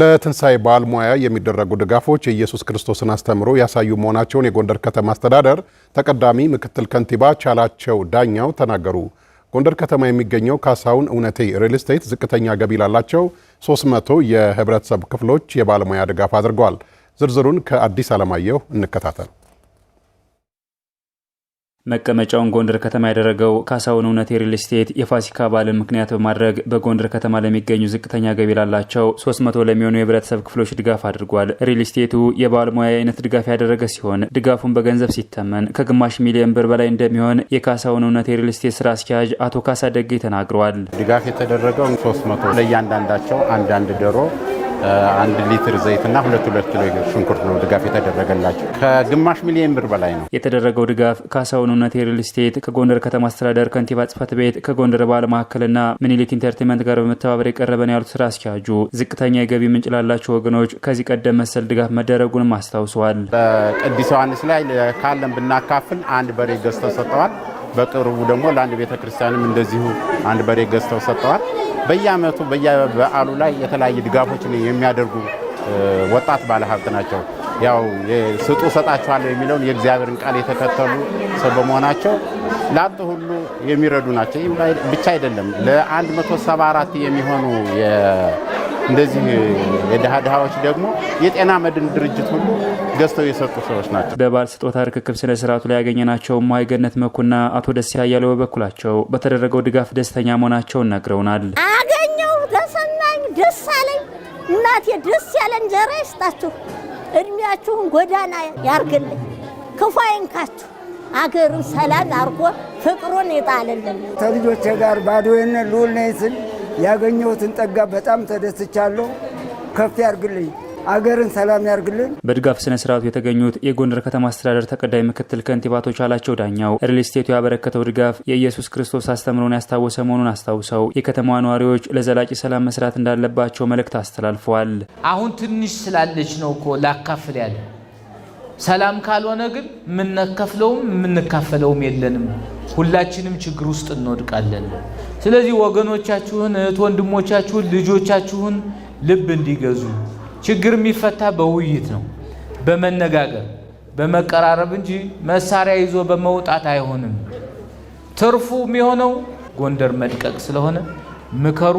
ለትንሣኤ በዓል ሙያ የሚደረጉ ድጋፎች የኢየሱስ ክርስቶስን አስተምሮ ያሳዩ መሆናቸውን የጎንደር ከተማ አስተዳደር ተቀዳሚ ምክትል ከንቲባ ቻላቸው ዳኛው ተናገሩ። ጎንደር ከተማ የሚገኘው ካሳሁን እውነቴ ሪል ስቴት ዝቅተኛ ገቢ ላላቸው 300 የህብረተሰብ ክፍሎች የባለሙያ ድጋፍ አድርገዋል። ዝርዝሩን ከአዲስ አለማየሁ እንከታተል። መቀመጫውን ጎንደር ከተማ ያደረገው ካሳሁን እውነት የሪል ስቴት የፋሲካ በዓልን ምክንያት በማድረግ በጎንደር ከተማ ለሚገኙ ዝቅተኛ ገቢ ላላቸው 300 ለሚሆኑ የህብረተሰብ ክፍሎች ድጋፍ አድርጓል። ሪል ስቴቱ የባለሙያ አይነት ድጋፍ ያደረገ ሲሆን ድጋፉን በገንዘብ ሲተመን ከግማሽ ሚሊዮን ብር በላይ እንደሚሆን የካሳሁን እውነት የሪል ስቴት ስራ አስኪያጅ አቶ ካሳ ደጌ ተናግረዋል። ድጋፍ የተደረገው 300 ለእያንዳንዳቸው አንዳንድ ደሮ አንድ ሊትር ዘይትና ሁለት ሁለት ኪሎ ሽንኩርት ነው ድጋፍ የተደረገላቸው። ከግማሽ ሚሊዮን ብር በላይ ነው የተደረገው ድጋፍ። ካሳሁን እውነት ሪል ስቴት ከጎንደር ከተማ አስተዳደር ከንቲባ ጽፈት ቤት ከጎንደር ባህል ማዕከልና ምኒልክ ኢንተርቴንመንት ጋር በመተባበር የቀረበ ነው ያሉት ስራ አስኪያጁ፣ ዝቅተኛ የገቢ ምንጭ ላላቸው ወገኖች ከዚህ ቀደም መሰል ድጋፍ መደረጉንም አስታውሰዋል። በቅዱስ ዮሐንስ ላይ ካለን ብናካፍል አንድ በሬ ገዝተው ሰጠዋል። በቅርቡ ደግሞ ለአንድ ቤተክርስቲያንም እንደዚሁ አንድ በሬ ገዝተው ሰጠዋል። በየአመቱ በየበዓሉ ላይ የተለያየ ድጋፎችን የሚያደርጉ ወጣት ባለሀብት ናቸው። ያው ስጡ ሰጣችኋለሁ የሚለውን የእግዚአብሔርን ቃል የተከተሉ ሰው በመሆናቸው ለአንተ ሁሉ የሚረዱ ናቸው። ይህም ብቻ አይደለም ለ174 የሚሆኑ እንደዚህ የድሃ ድሃዎች ደግሞ የጤና መድን ድርጅት ሁሉ ገዝተው የሰጡ ሰዎች ናቸው። በባል ስጦታ ርክክብ ስነ ስርዓቱ ላይ ያገኘናቸው ማይገነት መኩና አቶ ደስ ያያለው በበኩላቸው በተደረገው ድጋፍ ደስተኛ መሆናቸውን ነግረውናል። አገኘው ተሰማኝ፣ ደስ አለኝ። እናቴ ደስ ያለ እንጀራ ይስጣችሁ፣ እድሜያችሁን ጎዳና ያርግልኝ፣ ክፉ አይንካችሁ አገሩን ሰላም አርጎ ፍቅሩን ይጣልልን። ከልጆቼ ጋር ባዶ የነ ልውል ነይ ስል ያገኘሁትን ጠጋ በጣም ተደስቻለሁ። ከፍ ያርግልኝ፣ አገርን ሰላም ያርግልን። በድጋፍ ስነ ስርዓቱ የተገኙት የጎንደር ከተማ አስተዳደር ተቀዳይ ምክትል ከንቲባቶች አላቸው ዳኛው ሪል ስቴቱ ያበረከተው ድጋፍ የኢየሱስ ክርስቶስ አስተምሮን ያስታወሰ መሆኑን አስታውሰው የከተማዋ ነዋሪዎች ለዘላቂ ሰላም መስራት እንዳለባቸው መልእክት አስተላልፈዋል። አሁን ትንሽ ስላለች ነው እኮ ላካፍል ያለ ሰላም ካልሆነ ግን የምንከፍለውም የምንካፈለውም የለንም። ሁላችንም ችግር ውስጥ እንወድቃለን። ስለዚህ ወገኖቻችሁን፣ እህት ወንድሞቻችሁን፣ ልጆቻችሁን ልብ እንዲገዙ ችግር የሚፈታ በውይይት ነው፣ በመነጋገር በመቀራረብ እንጂ መሳሪያ ይዞ በመውጣት አይሆንም። ትርፉ የሚሆነው ጎንደር መድቀቅ ስለሆነ ምከሩ።